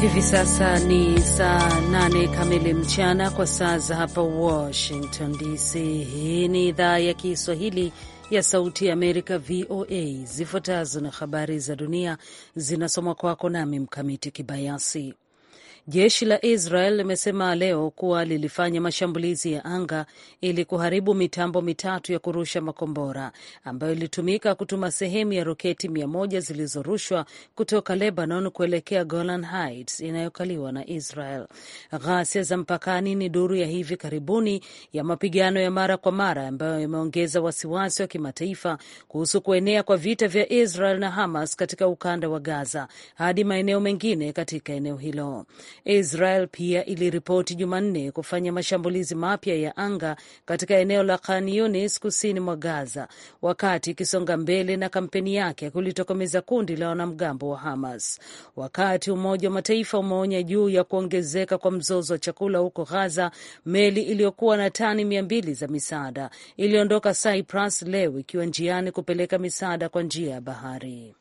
Hivi sasa ni saa nane kamili mchana kwa saa za hapa Washington DC. Hii ni idhaa ya Kiswahili ya Sauti ya Amerika, VOA. Zifuatazo na habari za dunia zinasomwa kwako nami Mkamiti Kibayasi. Jeshi la Israel limesema leo kuwa lilifanya mashambulizi ya anga ili kuharibu mitambo mitatu ya kurusha makombora ambayo ilitumika kutuma sehemu ya roketi mia moja zilizorushwa kutoka Lebanon kuelekea Golan Heights inayokaliwa na Israel. Ghasia za mpakani ni duru ya hivi karibuni ya mapigano ya mara kwa mara ambayo yameongeza wasiwasi wa kimataifa kuhusu kuenea kwa vita vya Israel na Hamas katika ukanda wa Gaza hadi maeneo mengine katika eneo hilo. Israel pia iliripoti Jumanne kufanya mashambulizi mapya ya anga katika eneo la Khan kusini mwa Gaza, wakati ikisonga mbele na kampeni yake ya kulitokomeza kundi la wanamgambo wa Hamas, wakati Umoja wa Mataifa umeonya juu ya kuongezeka kwa mzozo wa chakula huko Gaza. Meli iliyokuwa na tani mia mbili za misaada iliondoka Cyprus leo ikiwa njiani kupeleka misaada kwa njia ya bahari.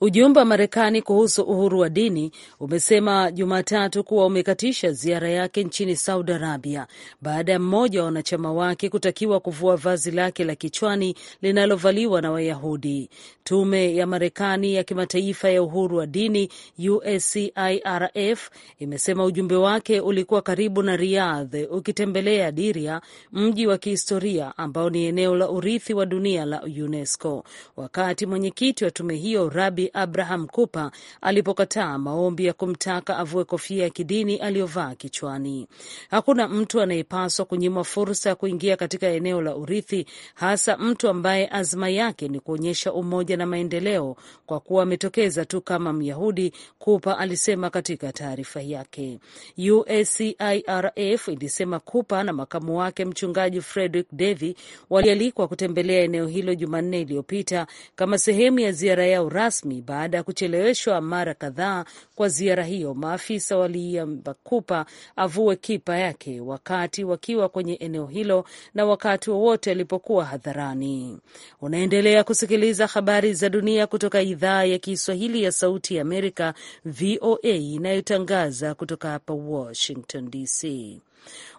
Ujumbe wa Marekani kuhusu uhuru wa dini umesema Jumatatu kuwa umekatisha ziara yake nchini Saudi Arabia baada ya mmoja wa wanachama wake kutakiwa kuvua vazi lake la kichwani linalovaliwa na Wayahudi. Tume ya Marekani ya Kimataifa ya Uhuru wa Dini, USCIRF, imesema ujumbe wake ulikuwa karibu na Riyadh ukitembelea Diria, mji wa kihistoria ambao ni eneo la urithi wa dunia la UNESCO, wakati mwenyekiti wa tume hiyo Rabi Misri Abraham Cooper alipokataa maombi ya kumtaka avue kofia ya kidini aliyovaa kichwani. Hakuna mtu anayepaswa kunyimwa fursa ya kuingia katika eneo la urithi, hasa mtu ambaye azma yake ni kuonyesha umoja na maendeleo, kwa kuwa ametokeza tu kama Myahudi, Cooper alisema katika taarifa yake. USCIRF ilisema Cooper na makamu wake mchungaji Frederick Davy walialikwa kutembelea eneo hilo Jumanne iliyopita kama sehemu ya ziara yao rasmi Marekani baada ya kucheleweshwa mara kadhaa kwa ziara hiyo. Maafisa waliiomba Kupa avue kipa yake wakati wakiwa kwenye eneo hilo na wakati wowote alipokuwa hadharani. Unaendelea kusikiliza habari za dunia kutoka idhaa ya Kiswahili ya Sauti ya Amerika, VOA, inayotangaza kutoka hapa Washington DC.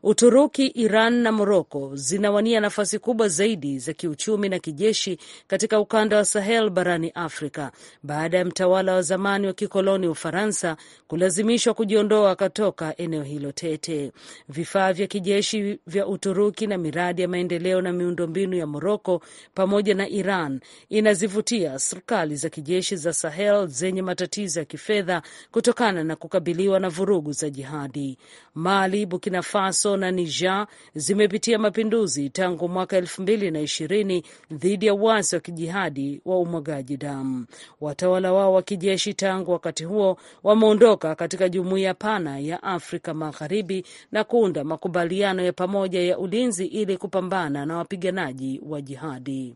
Uturuki, Iran na Moroko zinawania nafasi kubwa zaidi za kiuchumi na kijeshi katika ukanda wa Sahel barani Afrika baada ya mtawala wa zamani wa kikoloni Ufaransa kulazimishwa kujiondoa kutoka eneo hilo tete. Vifaa vya kijeshi vya Uturuki na miradi ya maendeleo na miundombinu ya Moroko pamoja na Iran inazivutia serikali za kijeshi za Sahel zenye matatizo ya kifedha kutokana na kukabiliwa na vurugu za jihadi. Mali, Burkina Faso na Niger zimepitia mapinduzi tangu mwaka elfu mbili na ishirini dhidi ya uasi wa kijihadi wa umwagaji damu. Watawala wao wa kijeshi tangu wakati huo wameondoka katika jumuiya pana ya Afrika Magharibi na kuunda makubaliano ya pamoja ya ulinzi ili kupambana na wapiganaji wa jihadi.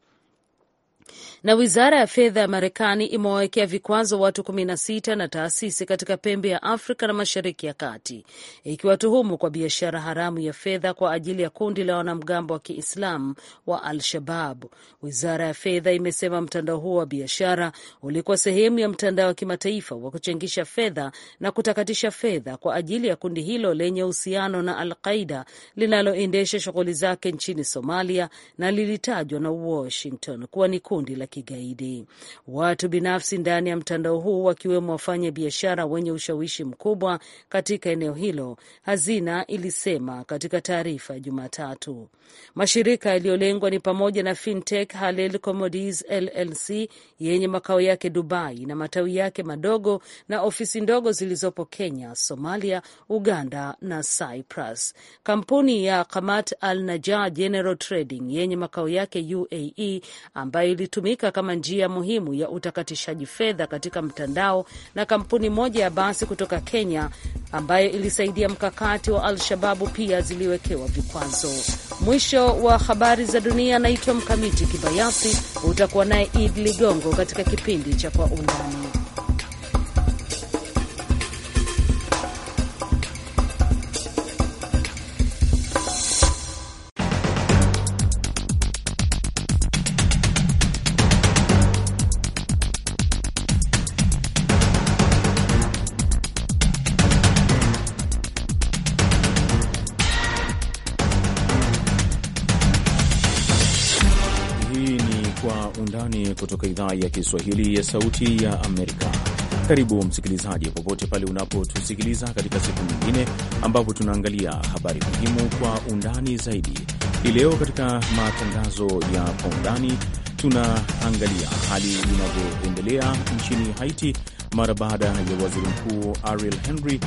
Na wizara ya fedha ya Marekani imewawekea vikwazo watu 16 na na taasisi katika pembe ya Afrika na Mashariki ya Kati, ikiwatuhumu kwa biashara haramu ya fedha kwa ajili ya kundi la wanamgambo wa Kiislamu wa Al-Shabab. Wizara ya fedha imesema mtandao huo wa biashara ulikuwa sehemu ya mtandao wa kimataifa wa kuchangisha fedha na kutakatisha fedha kwa ajili ya kundi hilo lenye uhusiano na Al-Qaida linaloendesha shughuli zake nchini Somalia na lilitajwa na Washington kuwa ni kundi kundi la kigaidi. Watu binafsi ndani ya mtandao huu wakiwemo wafanya biashara wenye ushawishi mkubwa katika eneo hilo, hazina ilisema katika taarifa ya Jumatatu. Mashirika yaliyolengwa ni pamoja na Fintech Halel Commodities LLC yenye makao yake Dubai na matawi yake madogo na ofisi ndogo zilizopo Kenya, Somalia, Uganda na Cyprus. Kampuni ya Kamat Al Najar General Trading yenye makao yake UAE ambayo zilitumika kama njia muhimu ya utakatishaji fedha katika mtandao na kampuni moja ya basi kutoka Kenya ambayo ilisaidia mkakati wa Al-Shababu pia ziliwekewa vikwazo. Mwisho wa habari za dunia. anaitwa Mkamiti Kibayasi, utakuwa naye Id Ligongo katika kipindi cha Kwa Undani. idhaa ya Kiswahili ya Sauti ya Amerika. Karibu msikilizaji, popote pale unapotusikiliza katika siku nyingine ambapo tunaangalia habari muhimu kwa undani zaidi. Hii leo katika matangazo ya kwa undani tunaangalia hali inavyoendelea nchini Haiti mara baada ya waziri mkuu Ariel Henry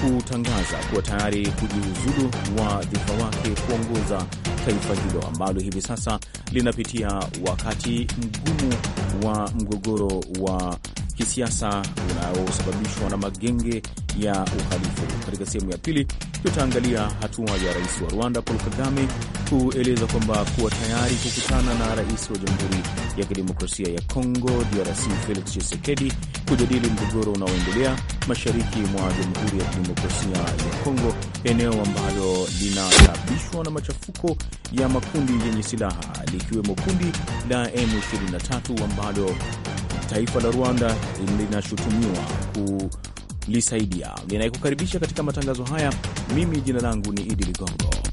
kutangaza kuwa tayari kujiuzulu wadhifa wake kuongoza taifa hilo ambalo hivi sasa linapitia wakati mgumu wa mgogoro wa kisiasa unaosababishwa na magenge ya uhalifu. Katika sehemu ya pili, tutaangalia hatua ya rais wa Rwanda Paul Kagame kueleza kwamba kuwa tayari kukutana na rais wa Jamhuri ya Kidemokrasia ya Kongo DRC Felix Tshisekedi kujadili mgogoro unaoendelea mashariki mwa Jamhuri ya Kidemokrasia ya Kongo, eneo ambalo linasababishwa na machafuko ya makundi yenye silaha likiwemo kundi la M23 ambalo Taifa la Rwanda linashutumiwa kulisaidia. Ninayekukaribisha katika matangazo haya, mimi jina langu ni Idi Ligongo.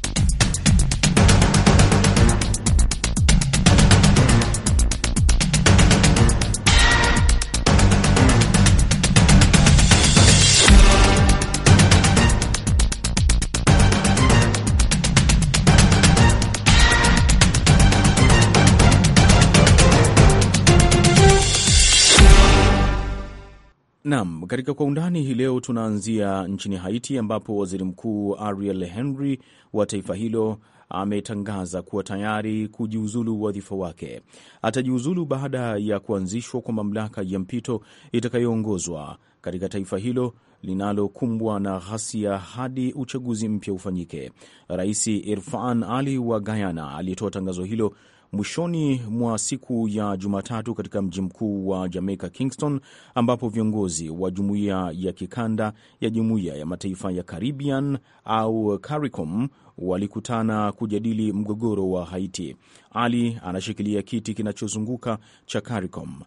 Nam, katika kwa undani hii leo tunaanzia nchini Haiti ambapo waziri mkuu Ariel Henry wa taifa hilo ametangaza kuwa tayari kujiuzulu wadhifa wake. Atajiuzulu baada ya kuanzishwa kwa mamlaka ya mpito itakayoongozwa katika taifa hilo linalokumbwa na ghasia hadi uchaguzi mpya ufanyike. Rais Irfan Ali wa Guyana alitoa tangazo hilo mwishoni mwa siku ya Jumatatu katika mji mkuu wa Jamaica, Kingston, ambapo viongozi wa jumuiya ya kikanda ya Jumuiya ya Mataifa ya Caribbean au CARICOM walikutana kujadili mgogoro wa Haiti. Ali anashikilia kiti kinachozunguka cha CARICOM.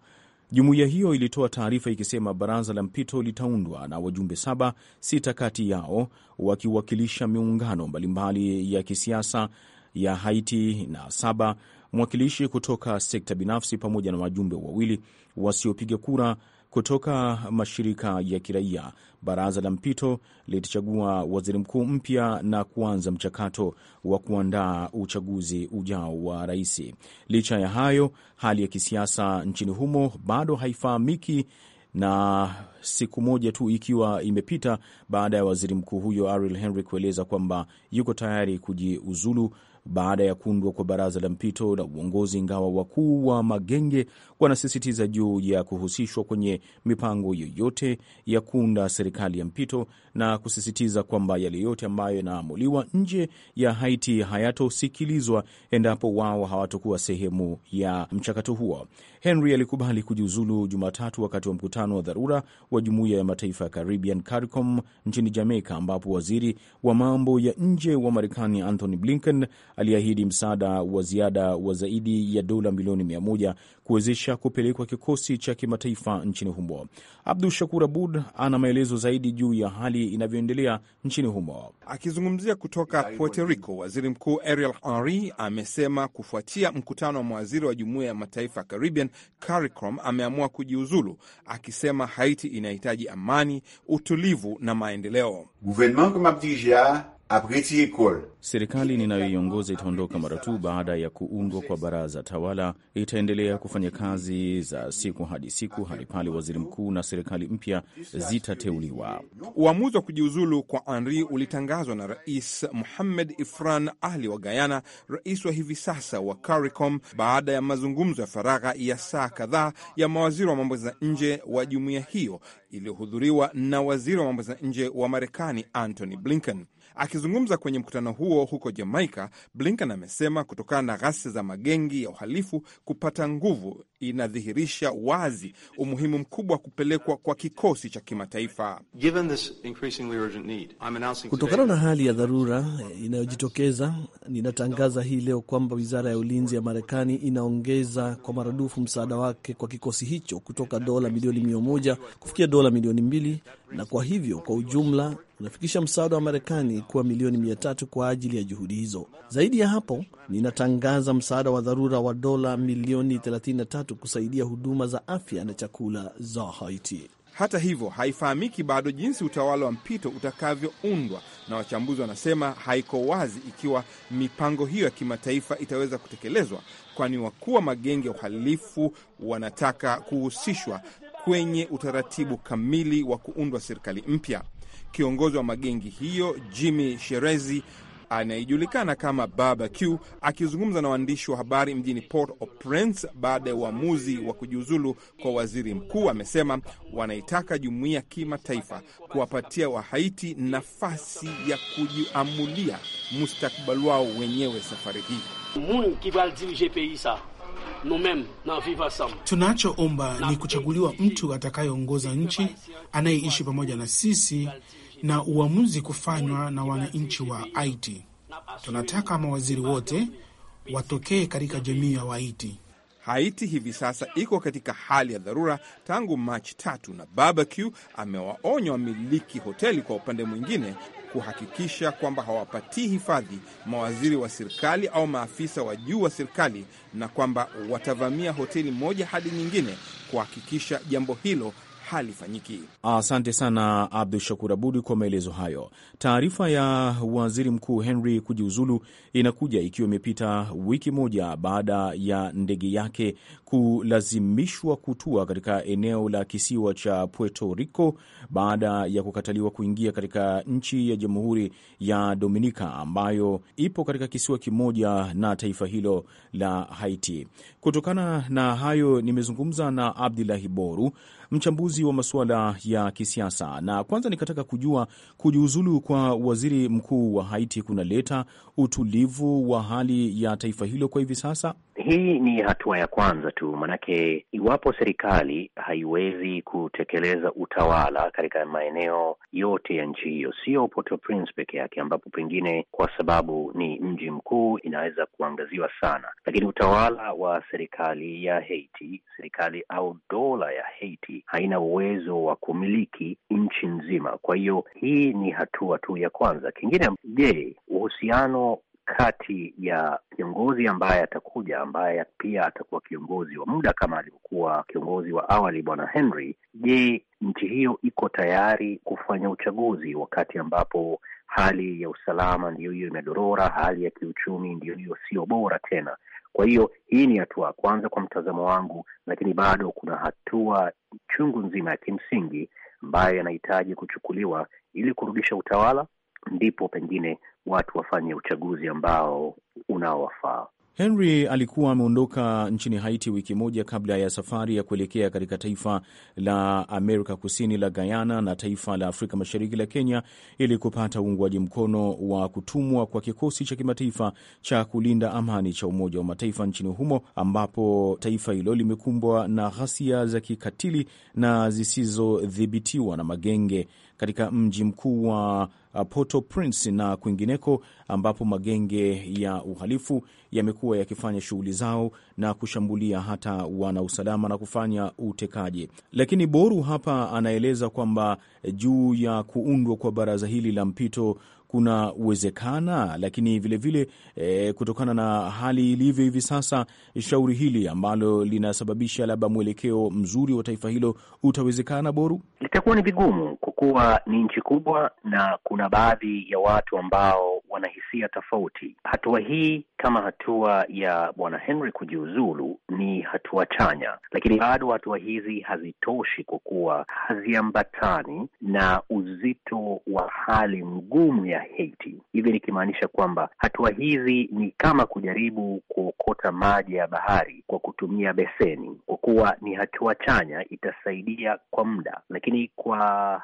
Jumuiya hiyo ilitoa taarifa ikisema baraza la mpito litaundwa na wajumbe saba, sita kati yao wakiwakilisha miungano mbalimbali ya kisiasa ya Haiti na saba mwakilishi kutoka sekta binafsi pamoja na wajumbe wawili wasiopiga kura kutoka mashirika ya kiraia. Baraza la mpito litachagua waziri mkuu mpya na kuanza mchakato wa kuandaa uchaguzi ujao wa rais. Licha ya hayo, hali ya kisiasa nchini humo bado haifahamiki na siku moja tu ikiwa imepita baada ya waziri mkuu huyo Ariel Henry kueleza kwamba yuko tayari kujiuzulu baada ya kuundwa kwa baraza la mpito na uongozi, ingawa wakuu wa magenge wanasisitiza juu ya kuhusishwa kwenye mipango yoyote ya kuunda serikali ya mpito na kusisitiza kwamba yale yote ambayo yanaamuliwa nje ya Haiti hayatosikilizwa endapo wao hawatokuwa sehemu ya mchakato huo. Henry alikubali kujiuzulu Jumatatu wakati wa mkutano wa dharura wa Jumuiya ya Mataifa ya Caribbean, CARICOM, nchini Jamaica, ambapo waziri wa mambo ya nje wa Marekani Anthony Blinken aliahidi msaada wa ziada wa zaidi ya dola milioni mia moja kuwezesha kupelekwa kikosi cha kimataifa nchini humo. Abdu Shakur Abud ana maelezo zaidi juu ya hali inavyoendelea nchini humo. Akizungumzia kutoka Puerto Rico, waziri mkuu Ariel Henry amesema kufuatia mkutano wa mawaziri wa Jumuiya ya Mataifa ya Caribbean, CARICOM, ameamua kujiuzulu, akisema Haiti inahitaji amani, utulivu na maendeleo. Serikali ninayoiongoza itaondoka mara tu baada ya kuundwa kwa baraza tawala. Itaendelea kufanya kazi za siku hadi siku hadi pale waziri mkuu na serikali mpya zitateuliwa. Uamuzi wa kujiuzulu kwa Henri ulitangazwa na Rais Mohamed Ifran Ahli wa Guyana, rais wa hivi sasa wa CARICOM, baada ya mazungumzo ya faragha ya saa kadhaa ya mawaziri wa mambo za nje wa jumuiya hiyo iliyohudhuriwa na waziri wa mambo za nje wa Marekani Antony Blinken. Akizungumza kwenye mkutano huo huko Jamaika, Blinken amesema kutokana na ghasia za magengi ya uhalifu kupata nguvu inadhihirisha wazi umuhimu mkubwa wa kupelekwa kwa kikosi cha kimataifa. Kutokana na hali ya dharura inayojitokeza, ninatangaza hii leo kwamba wizara ya ulinzi ya Marekani inaongeza kwa maradufu msaada wake kwa kikosi hicho kutoka dola milioni mia moja kufikia dola milioni mbili na kwa hivyo kwa ujumla unafikisha msaada wa Marekani kuwa milioni mia tatu kwa ajili ya juhudi hizo. Zaidi ya hapo, ninatangaza msaada wa dharura wa dola milioni 33 kusaidia huduma za afya na chakula za Haiti. Hata hivyo haifahamiki bado jinsi utawala wa mpito utakavyoundwa, na wachambuzi wanasema haiko wazi ikiwa mipango hiyo ya kimataifa itaweza kutekelezwa, kwani wakuu wa magenge ya uhalifu wanataka kuhusishwa kwenye utaratibu kamili wa kuundwa serikali mpya kiongozi wa magengi hiyo Jimmy Sherezi anayejulikana kama Barbecue akizungumza na waandishi wa habari mjini Port-au-Prince baada ya uamuzi wa kujiuzulu kwa waziri mkuu, amesema wanaitaka jumuiya kimataifa kuwapatia Wahaiti nafasi ya kujiamulia mustakbali wao wenyewe. Safari hii tunachoomba ni kuchaguliwa mtu atakayeongoza nchi anayeishi pamoja na sisi na uamuzi kufanywa na wananchi wa Haiti. Tunataka mawaziri wote watokee katika jamii ya Wahaiti. Haiti hivi sasa iko katika hali ya dharura tangu Machi tatu, na barbecue amewaonya wamiliki hoteli kwa upande mwingine kuhakikisha kwamba hawapatii hifadhi mawaziri wa serikali au maafisa wa juu wa serikali, na kwamba watavamia hoteli moja hadi nyingine kuhakikisha jambo hilo halifanyiki. Asante sana Abdu Shakur Abudi kwa maelezo hayo. Taarifa ya waziri mkuu Henry kujiuzulu inakuja ikiwa imepita wiki moja baada ya ndege yake kulazimishwa kutua katika eneo la kisiwa cha Puerto Rico baada ya kukataliwa kuingia katika nchi ya Jamhuri ya Dominika ambayo ipo katika kisiwa kimoja na taifa hilo la Haiti. Kutokana na hayo, nimezungumza na Abdulahi Boru, mchambuzi wa masuala ya kisiasa, na kwanza nikataka kujua kujiuzulu kwa waziri mkuu wa Haiti kunaleta utulivu wa hali ya taifa hilo kwa hivi sasa. Hii ni hatua ya kwanza tu, manake iwapo serikali haiwezi kutekeleza utawala katika maeneo yote ya nchi hiyo, sio port prince peke yake, ambapo pengine kwa sababu ni mji mkuu inaweza kuangaziwa sana, lakini utawala wa serikali ya Haiti, serikali au dola ya Haiti haina uwezo wa kumiliki nchi nzima. Kwa hiyo hii ni hatua tu ya kwanza. Kingine, je, uhusiano kati ya kiongozi ambaye atakuja, ambaye pia atakuwa kiongozi wa muda kama alivyokuwa kiongozi wa awali Bwana Henry. Je, nchi hiyo iko tayari kufanya uchaguzi wakati ambapo hali ya usalama ndiyo hiyo imedorora, hali ya kiuchumi ndiyo hiyo sio bora tena? Kwa hiyo hii ni hatua ya kwanza kwa mtazamo wangu, lakini bado kuna hatua chungu nzima ya kimsingi ambayo yanahitaji kuchukuliwa ili kurudisha utawala, ndipo pengine watu wafanye uchaguzi ambao unaowafaa. Henry alikuwa ameondoka nchini Haiti wiki moja kabla ya safari ya kuelekea katika taifa la Amerika Kusini la Guyana na taifa la Afrika Mashariki la Kenya ili kupata uungwaji mkono wa kutumwa kwa kikosi cha kimataifa cha kulinda amani cha Umoja wa Mataifa nchini humo, ambapo taifa hilo limekumbwa na ghasia za kikatili na zisizodhibitiwa na magenge katika mji mkuu wa Uh, Port-au-Prince na kwingineko, ambapo magenge ya uhalifu yamekuwa yakifanya shughuli zao na kushambulia hata wanausalama na kufanya utekaji. Lakini Boru hapa anaeleza kwamba juu ya kuundwa kwa baraza hili la mpito kuna uwezekana, lakini vilevile vile, e, kutokana na hali ilivyo hivi sasa, shauri hili ambalo linasababisha labda mwelekeo mzuri wa taifa hilo utawezekana, Boru? Itakuwa ni vigumu kwa kuwa ni nchi kubwa na kuna baadhi ya watu ambao wosia tofauti. Hatua hii kama hatua ya bwana Henry kujiuzulu ni hatua chanya, lakini bado hatua hizi hazitoshi kwa kuwa haziambatani na uzito wa hali ngumu ya Haiti, hivi nikimaanisha kwamba hatua hizi ni kama kujaribu kuokota maji ya bahari kwa kutumia beseni. Kwa kuwa ni hatua chanya, itasaidia kwa muda, lakini kwa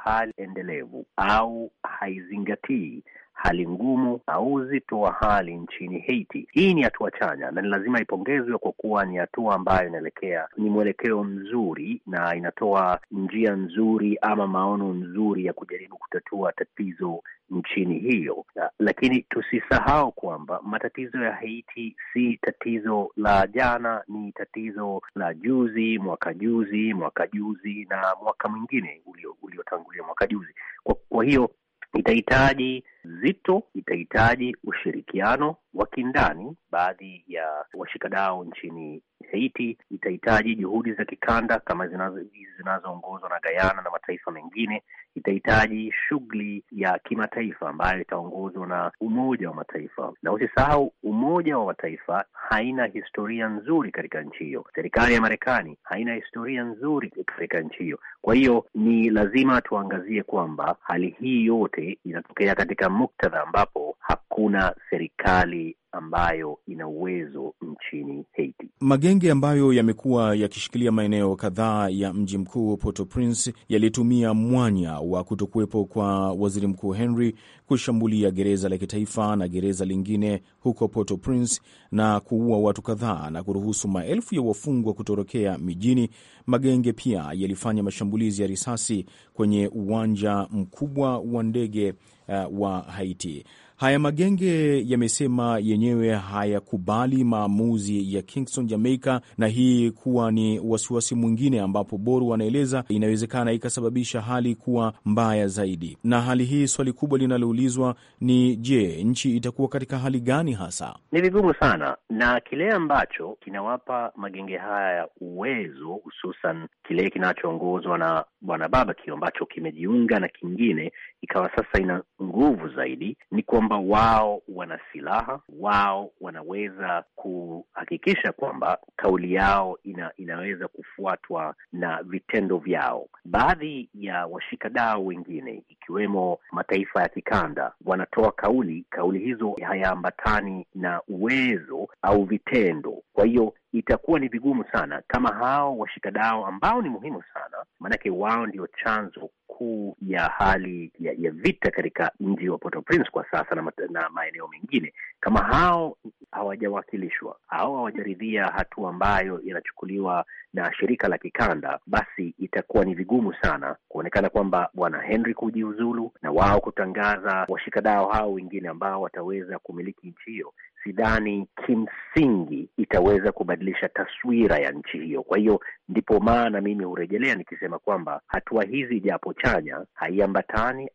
hali endelevu au haizingatii hali ngumu na uzito wa hali nchini Haiti. Hii ni hatua chanya na ni lazima ipongezwe kwa kuwa ni hatua ambayo inaelekea, ni mwelekeo mzuri na inatoa njia nzuri ama maono nzuri ya kujaribu kutatua tatizo nchini hiyo, lakini tusisahau kwamba matatizo ya Haiti si tatizo la jana, ni tatizo la juzi, mwaka juzi, mwaka juzi na mwaka mwingine uliotangulia ulio mwaka juzi. Kwa, kwa hiyo itahitaji zito itahitaji ushirikiano wa kindani. Baadhi ya washikadao nchini Haiti itahitaji juhudi za kikanda kama zinazoongozwa zinazo, zinazoongozwa na gayana na mataifa mengine. Itahitaji shughuli ya kimataifa ambayo itaongozwa na Umoja wa Mataifa, na usisahau Umoja wa Mataifa haina historia nzuri katika nchi hiyo. Serikali ya Marekani haina historia nzuri katika nchi hiyo. Kwa hiyo ni lazima tuangazie kwamba hali hii yote inatokea katika muktadha ambapo hakuna serikali ambayo ina uwezo nchini Haiti. Magenge ambayo yamekuwa yakishikilia maeneo kadhaa ya mji mkuu Port-au-Prince yalitumia mwanya wa kutokuwepo kwa waziri mkuu Henry kushambulia gereza la kitaifa na gereza lingine huko Port-au-Prince na kuua watu kadhaa na kuruhusu maelfu ya wafungwa kutorokea mijini. Magenge pia yalifanya mashambulizi ya risasi kwenye uwanja mkubwa wa ndege uh, wa Haiti. Haya magenge yamesema yenyewe hayakubali maamuzi ya Kingston Jamaica, na hii kuwa ni wasiwasi mwingine, ambapo Boru wanaeleza inawezekana ikasababisha hali kuwa mbaya zaidi. Na hali hii, swali kubwa linaloulizwa ni je, nchi itakuwa katika hali gani hasa? Ni vigumu sana, na kile ambacho kinawapa magenge haya ya uwezo, hususan kile kinachoongozwa na bwana Babakio ambacho kimejiunga na kingine ikawa sasa ina nguvu zaidi, ni kwa kwamba wao wana silaha, wao wanaweza kuhakikisha kwamba kauli yao ina, inaweza kufuatwa na vitendo vyao. Baadhi ya washikadau wengine ikiwemo mataifa ya kikanda wanatoa kauli, kauli hizo hayaambatani na uwezo au vitendo kwa hiyo itakuwa ni vigumu sana kama hao washikadao ambao ni muhimu sana, maanake wao ndio chanzo kuu ya hali ya, ya vita katika mji wa Port-au-Prince kwa sasa na, na maeneo mengine, kama hao hawajawakilishwa au hawajaridhia hatua ambayo inachukuliwa na shirika la kikanda, basi itakuwa ni vigumu sana kuonekana kwamba bwana Henry kujiuzulu na wao kutangaza washikadao hao wengine ambao wataweza kumiliki nchi hiyo sidhani kimsingi itaweza kubadilisha taswira ya nchi hiyo. Kwa hiyo ndipo maana mimi hurejelea nikisema kwamba hatua hizi japo chanya, haiambatani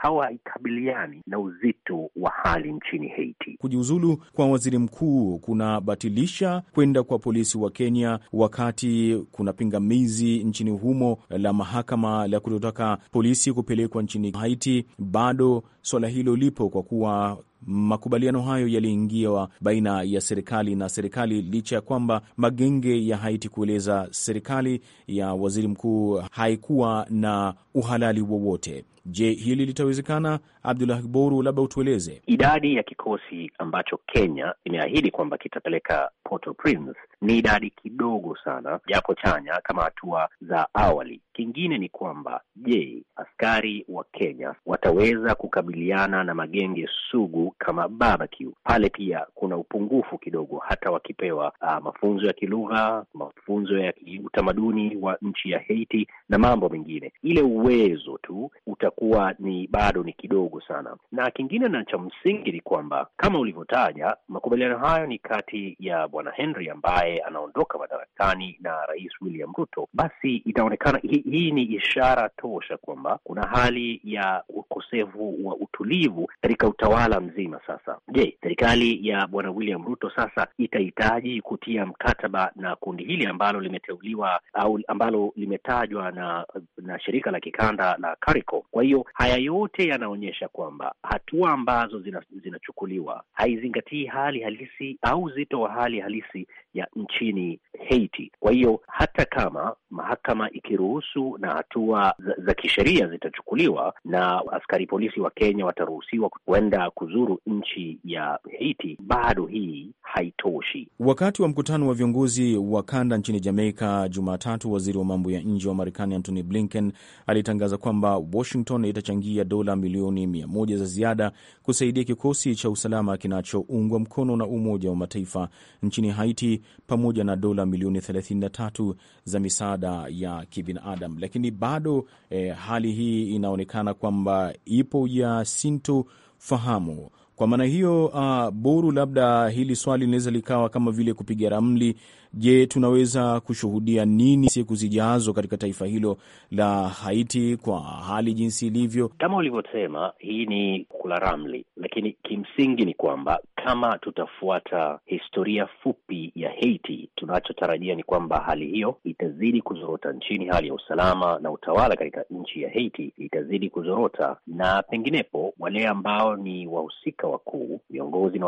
au haikabiliani na uzito wa hali nchini Haiti. Kujiuzulu kwa waziri mkuu kunabatilisha kwenda kwa polisi wa Kenya, wakati kuna pingamizi nchini humo la mahakama la kutotaka polisi kupelekwa nchini Haiti. Bado swala hilo lipo kwa kuwa Makubaliano hayo yaliingiwa baina ya serikali na serikali, licha ya kwamba magenge ya Haiti kueleza serikali ya waziri mkuu haikuwa na uhalali wowote. Je, hili litawezekana? Abdullah Boru, labda utueleze idadi ya kikosi ambacho Kenya imeahidi kwamba kitapeleka Port-au-Prince. Ni idadi kidogo sana, japo chanya kama hatua za awali. Kingine ni kwamba je, askari wa Kenya wataweza kukabiliana na magenge sugu kama barbecue? Pale pia kuna upungufu kidogo, hata wakipewa uh, mafunzo ya kilugha, mafunzo ya utamaduni wa nchi ya Haiti na mambo mengine ile uwezo tu utakuwa ni bado ni kidogo sana. Na kingine na cha msingi ni kwamba kama ulivyotaja, makubaliano hayo ni kati ya bwana Henry ambaye anaondoka madarakani na rais William Ruto. Basi itaonekana hii hi ni ishara tosha kwamba kuna hali ya ukosefu wa utulivu katika utawala mzima. Sasa je, serikali ya bwana William Ruto sasa itahitaji kutia mkataba na kundi hili ambalo limeteuliwa au ambalo limetajwa na na shirika la kikanda la CARICOM. Kwa hiyo haya yote yanaonyesha kwamba hatua ambazo zinachukuliwa zina haizingatii hali halisi au uzito wa hali halisi ya nchini Haiti. Kwa hiyo hata kama mahakama ikiruhusu na hatua za, za kisheria zitachukuliwa na askari polisi wa Kenya wataruhusiwa kuenda kuzuru nchi ya Haiti, bado hii haitoshi. Wakati wa mkutano wa viongozi wa kanda nchini Jamaika Jumatatu, waziri wa mambo ya nje wa Marekani Antony Blinken ali alitangaza kwamba Washington itachangia dola milioni mia moja za ziada kusaidia kikosi cha usalama kinachoungwa mkono na Umoja wa Mataifa nchini Haiti, pamoja na dola milioni 33 za misaada ya kibinadamu. Lakini bado eh, hali hii inaonekana kwamba ipo ya sinto fahamu Kwa maana hiyo, uh, Boru, labda hili swali linaweza likawa kama vile kupiga ramli Je, tunaweza kushuhudia nini siku zijazo katika taifa hilo la Haiti kwa hali jinsi ilivyo? Kama ulivyosema, hii ni kula ramli, lakini kimsingi ni kwamba kama tutafuata historia fupi ya Haiti, tunachotarajia ni kwamba hali hiyo itazidi kuzorota nchini. Hali ya usalama na utawala katika nchi ya Haiti itazidi kuzorota, na penginepo wale ambao ni wahusika wakuu, viongozi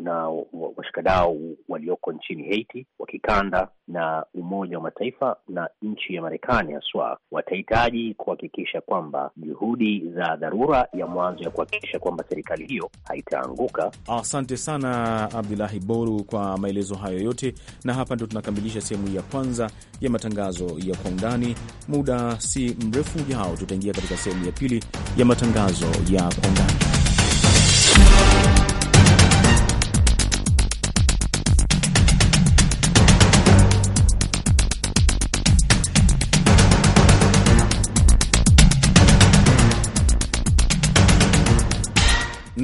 na washikadau walioko nchini Haiti waki kikanda na Umoja wa Mataifa na nchi ya Marekani haswa watahitaji kuhakikisha kwamba juhudi za dharura ya mwanzo ya kuhakikisha kwamba serikali hiyo haitaanguka. Asante sana Abdulahi Boru kwa maelezo hayo yote, na hapa ndio tunakamilisha sehemu ya kwanza ya matangazo ya kwa undani. Muda si mrefu ujao tutaingia katika sehemu ya pili ya matangazo ya kwa undani.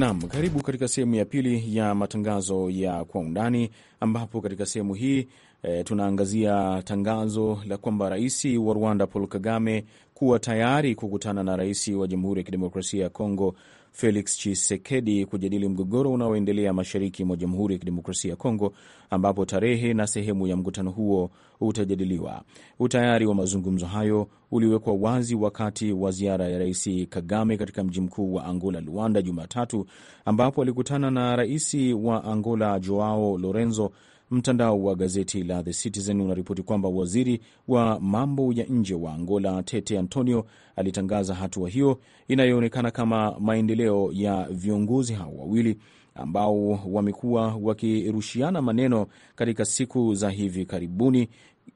Naam, karibu katika sehemu ya pili ya matangazo ya kwa undani, ambapo katika sehemu hii e, tunaangazia tangazo la kwamba rais wa Rwanda Paul Kagame kuwa tayari kukutana na rais wa Jamhuri ya Kidemokrasia ya Kongo Felix Chisekedi kujadili mgogoro unaoendelea mashariki mwa Jamhuri ya Kidemokrasia ya Kongo, ambapo tarehe na sehemu ya mkutano huo utajadiliwa. Utayari wa mazungumzo hayo uliwekwa wazi wakati wa ziara ya Rais Kagame katika mji mkuu wa Angola, Luanda, Jumatatu, ambapo alikutana na rais wa Angola Joao Lorenzo Mtandao wa gazeti la The Citizen unaripoti kwamba waziri wa mambo ya nje wa Angola Tete Antonio alitangaza hatua hiyo inayoonekana kama maendeleo ya viongozi hao wawili ambao wamekuwa wakirushiana maneno katika siku za hivi karibuni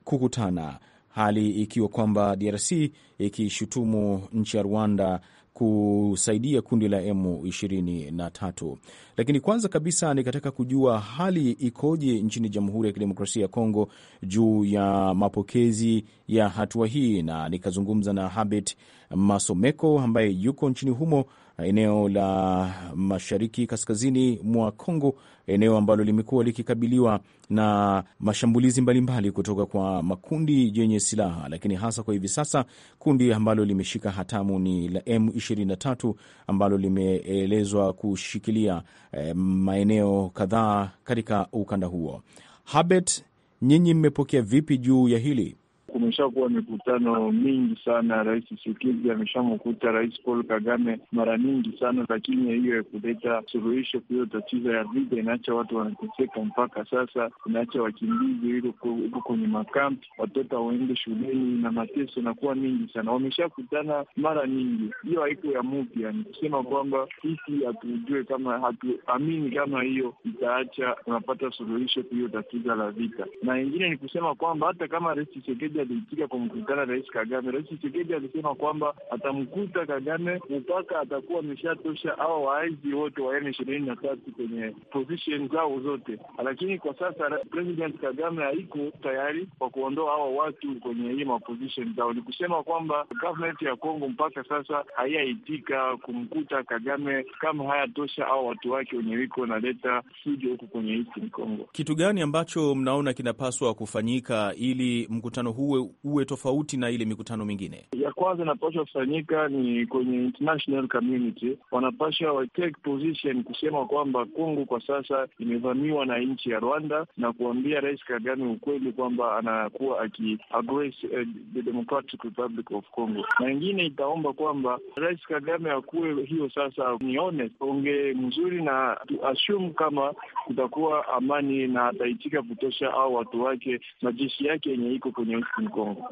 kukutana, hali ikiwa kwamba DRC ikishutumu nchi ya Rwanda kusaidia kundi la M23. Lakini kwanza kabisa nikataka kujua hali ikoje nchini Jamhuri ya Kidemokrasia ya Kongo juu ya mapokezi ya hatua hii, na nikazungumza na Habet Masomeko ambaye yuko nchini humo eneo la mashariki kaskazini mwa congo eneo ambalo limekuwa likikabiliwa na mashambulizi mbalimbali mbali kutoka kwa makundi yenye silaha, lakini hasa kwa hivi sasa kundi ambalo limeshika hatamu ni la M23 ambalo limeelezwa kushikilia eh, maeneo kadhaa katika ukanda huo. Habet, nyinyi mmepokea vipi juu ya hili? kumesha kuwa mikutano mingi sana. Rais Tshisekedi ameshamkuta Rais Paul Kagame mara nyingi sana, lakini hiyo ya kuleta suluhisho kuyo tatizo ya vita inaacha watu wanateseka mpaka sasa, inaacha wakimbizi huko kwenye makampi, watoto waende shuleni na mateso inakuwa mingi sana. Wameshakutana mara nyingi, hiyo haiko ya mupya. Ni kusema kwamba sisi hatujue kama hatuamini kama hiyo itaacha unapata suluhisho kuyo tatizo la vita, na ingine ni kusema kwamba hata kama Rais Tshisekedi aliitika kumkutana rais Kagame, rais Chisekedi alisema kwamba atamkuta Kagame mpaka atakuwa ameshatosha awa waazi wote wa M ishirini na tatu kwenye position zao zote, lakini kwa sasa President Kagame haiko tayari kwa kuondoa hawa watu kwenye hii maposition zao. Ni kusema kwamba government ya Kongo mpaka sasa haiyaitika kumkuta Kagame kama hayatosha au watu wake wenye wiko wanaleta fujo huku kwenye Eastern Kongo. Kitu gani ambacho mnaona kinapaswa kufanyika ili mkutano huu uwe, uwe tofauti na ile mikutano mingine? Ya kwanza inapaswa kufanyika ni kwenye international community, wanapasha wa take position kusema kwamba Kongo kwa sasa imevamiwa na nchi ya Rwanda na kuambia Rais Kagame ukweli kwamba anakuwa aki aggress eh, the Democratic Republic of Congo, na ingine itaomba kwamba Rais Kagame akuwe hiyo sasa ni honest, onge mzuri na tuassume kama kutakuwa amani na ataitika kutosha au watu wake na jeshi yake yenye iko kwenye in Congo.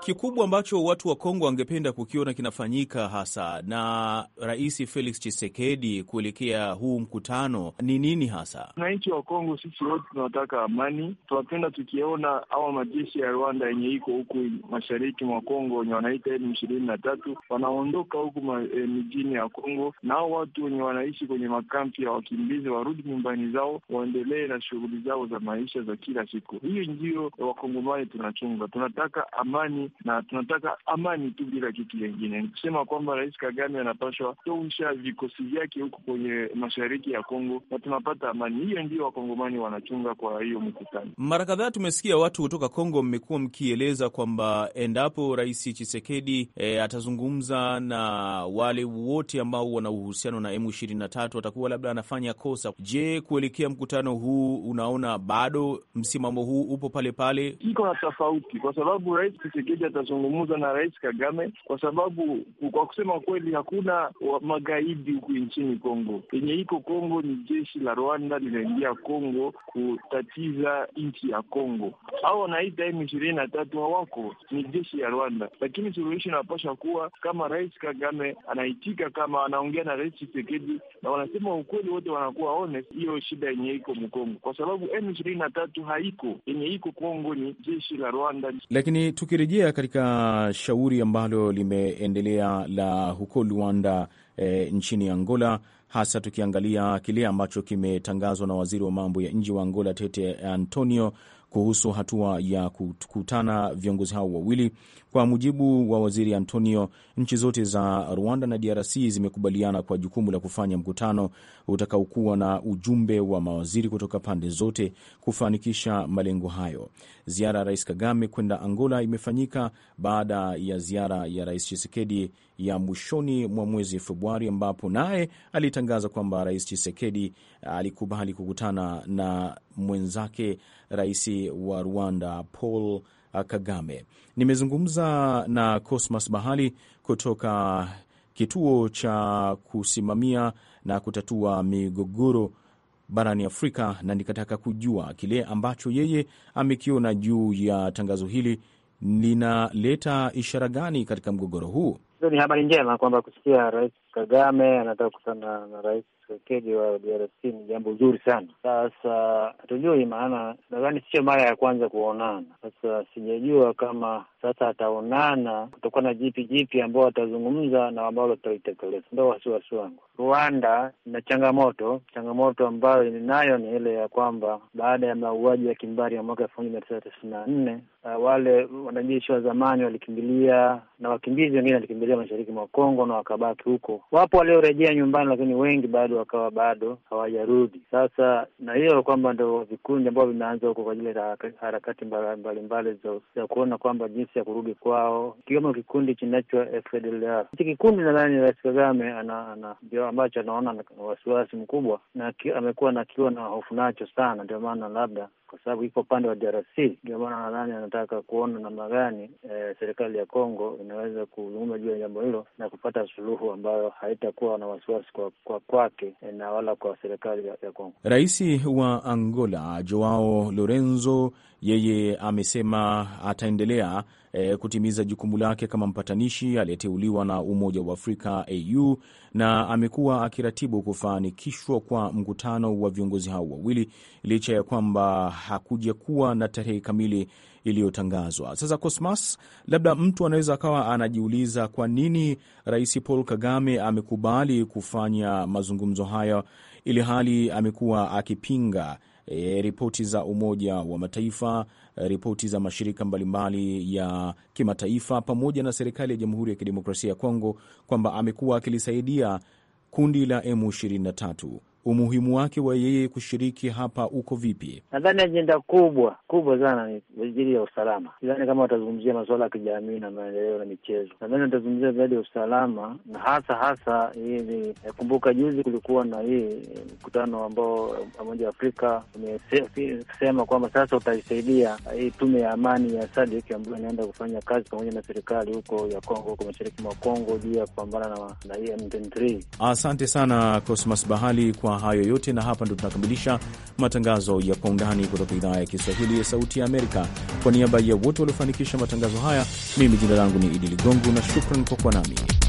kikubwa ambacho watu wa Kongo wangependa kukiona kinafanyika hasa na Rais Felix Tshisekedi kuelekea huu mkutano ni nini hasa? Wananchi wa Kongo sisi wote tunataka amani, tunapenda tukiona awa majeshi ya Rwanda yenye iko huku mashariki mwa Kongo wenye wanaita elfu ishirini na tatu wanaondoka huku eh, mijini ya Kongo, na hao watu wenye wanaishi kwenye makampi ya wakimbizi warudi nyumbani zao, waendelee na shughuli zao za maisha za kila siku. Hiyo ndio wakongomani tunachunga, tunataka amani na tunataka amani tu bila kitu kingine. Ni kusema kwamba Rais Kagame anapashwa tosha vikosi vyake huko kwenye mashariki ya Kongo na tunapata amani. Hiyo ndio wakongomani wanachunga. Kwa hiyo mkutano, mara kadhaa tumesikia watu kutoka Kongo mmekuwa mkieleza kwamba endapo Rais Chisekedi e, eh, atazungumza na wale wote ambao wana uhusiano na M ishirini na tatu atakuwa labda anafanya kosa. Je, kuelekea mkutano huu unaona bado msimamo huu upo pale pale? Iko na tofauti kwa sababu Rais Chisekedi atakuja atazungumza na Rais Kagame, kwa sababu kwa kusema kweli hakuna magaidi huku nchini Kongo. Yenye iko Kongo ni jeshi la Rwanda linaingia Kongo kutatiza nchi ya Kongo. Hao wanaita M ishirini na tatu hawako, ni jeshi ya Rwanda. Lakini suluhisho inapasha kuwa kama Rais Kagame anaitika, kama anaongea na Rais Tshisekedi na wanasema ukweli, wote wanakuwa one hiyo shida yenye iko Mkongo, kwa sababu M ishirini na tatu haiko. Yenye iko Kongo ni jeshi la Rwanda. Lakini tukirejea tukielekea katika shauri ambalo limeendelea la huko Luanda e, nchini Angola, hasa tukiangalia kile ambacho kimetangazwa na waziri wa mambo ya nje wa Angola Tete Antonio kuhusu hatua ya kukutana viongozi hao wawili kwa mujibu wa waziri Antonio, nchi zote za Rwanda na DRC zimekubaliana kwa jukumu la kufanya mkutano utakaokuwa na ujumbe wa mawaziri kutoka pande zote kufanikisha malengo hayo. Ziara ya Rais Kagame kwenda Angola imefanyika baada ya ziara ya Rais chisekedi ya mwishoni mwa mwezi Februari, ambapo naye alitangaza kwamba Rais chisekedi alikubali kukutana na mwenzake rais wa Rwanda Paul Kagame. Nimezungumza na Cosmas Bahali kutoka kituo cha kusimamia na kutatua migogoro barani Afrika, na nikataka kujua kile ambacho yeye amekiona juu ya tangazo hili linaleta ishara gani katika mgogoro huu. Hiyo ni habari njema kwamba kusikia Rais Kagame anataka kukutana na Rais utekelezaji wa DRC ni jambo zuri sana. Sasa hatujui, maana nadhani sio mara ya kwanza kuonana. Sasa sijajua kama sasa ataonana kutakuwa na jipi jipi ambao watazungumza na ambalo tutalitekeleza, ndo wasiwasi wangu. Rwanda na changamoto changamoto ambayo ninayo ni ile ya kwamba baada ya mauaji ya kimbari ya mwaka elfu moja mia tisa tisini na nne uh, wale wanajeshi wa zamani walikimbilia na wakimbizi wengine walikimbilia mashariki mwa Kongo na wakabaki huko. Wapo waliorejea nyumbani, lakini wengi bado wakawa bado hawajarudi. Sasa na hiyo kwamba ndo vikundi ambavyo vimeanza huko kwa ajili ya harakati mbalimbali za kuona kwamba jinsi ya kurudi kwao, ikiwemo kikundi kinaitwa FDLR. Hichi kikundi nadhani Rais Kagame ndio ambacho anaona wasiwasi mkubwa na amekuwa nakiwa na hofu nacho sana, ndio maana labda kwa sababu iko upande wa DRC. Ndio maana nadhani anataka kuona namna gani e, serikali ya Kongo inaweza kuzungumza juu ya jambo hilo na kupata suluhu ambayo haitakuwa na wasiwasi kwa kwake kwa eh, na wala kwa serikali ya, ya Kongo. Rais wa Angola Joao Lorenzo yeye amesema ataendelea e, kutimiza jukumu lake kama mpatanishi aliyeteuliwa na Umoja wa Afrika AU na amekuwa akiratibu kufanikishwa kwa mkutano wa viongozi hao wawili licha ya kwamba hakuja kuwa na tarehe kamili iliyotangazwa. Sasa Cosmas, labda mtu anaweza akawa anajiuliza kwa nini Rais Paul Kagame amekubali kufanya mazungumzo hayo ili hali amekuwa akipinga e, ripoti za Umoja wa Mataifa, e, ripoti za mashirika mbalimbali ya kimataifa pamoja na serikali ya Jamhuri ya Kidemokrasia ya Kongo kwamba amekuwa akilisaidia kundi la M23 umuhimu wake wa yeye kushiriki hapa uko vipi? Nadhani ajenda kubwa kubwa sana ni ajili ya usalama. Sidhani kama watazungumzia masuala ya kijamii na maendeleo na michezo, nadhani watazungumzia zaidi ya usalama na hasa hasa hii kumbuka, juzi kulikuwa na hii eh, mkutano ambao Umoja wa Afrika umesema kwamba sasa utaisaidia hii tume ya amani ya SADC ambayo inaenda kufanya kazi pamoja na serikali huko ya Kongo, huko mashariki mwa Kongo juu ya kupambana na M23. Asante sana Cosmas Bahali kwa hayo yote, na hapa ndo tunakamilisha matangazo ya Kwa Undani kutoka idhaa ya Kiswahili ya Sauti ya Amerika. Kwa niaba ya wote waliofanikisha matangazo haya, mimi jina langu ni Idi Ligongo na shukran kwa kuwa nami.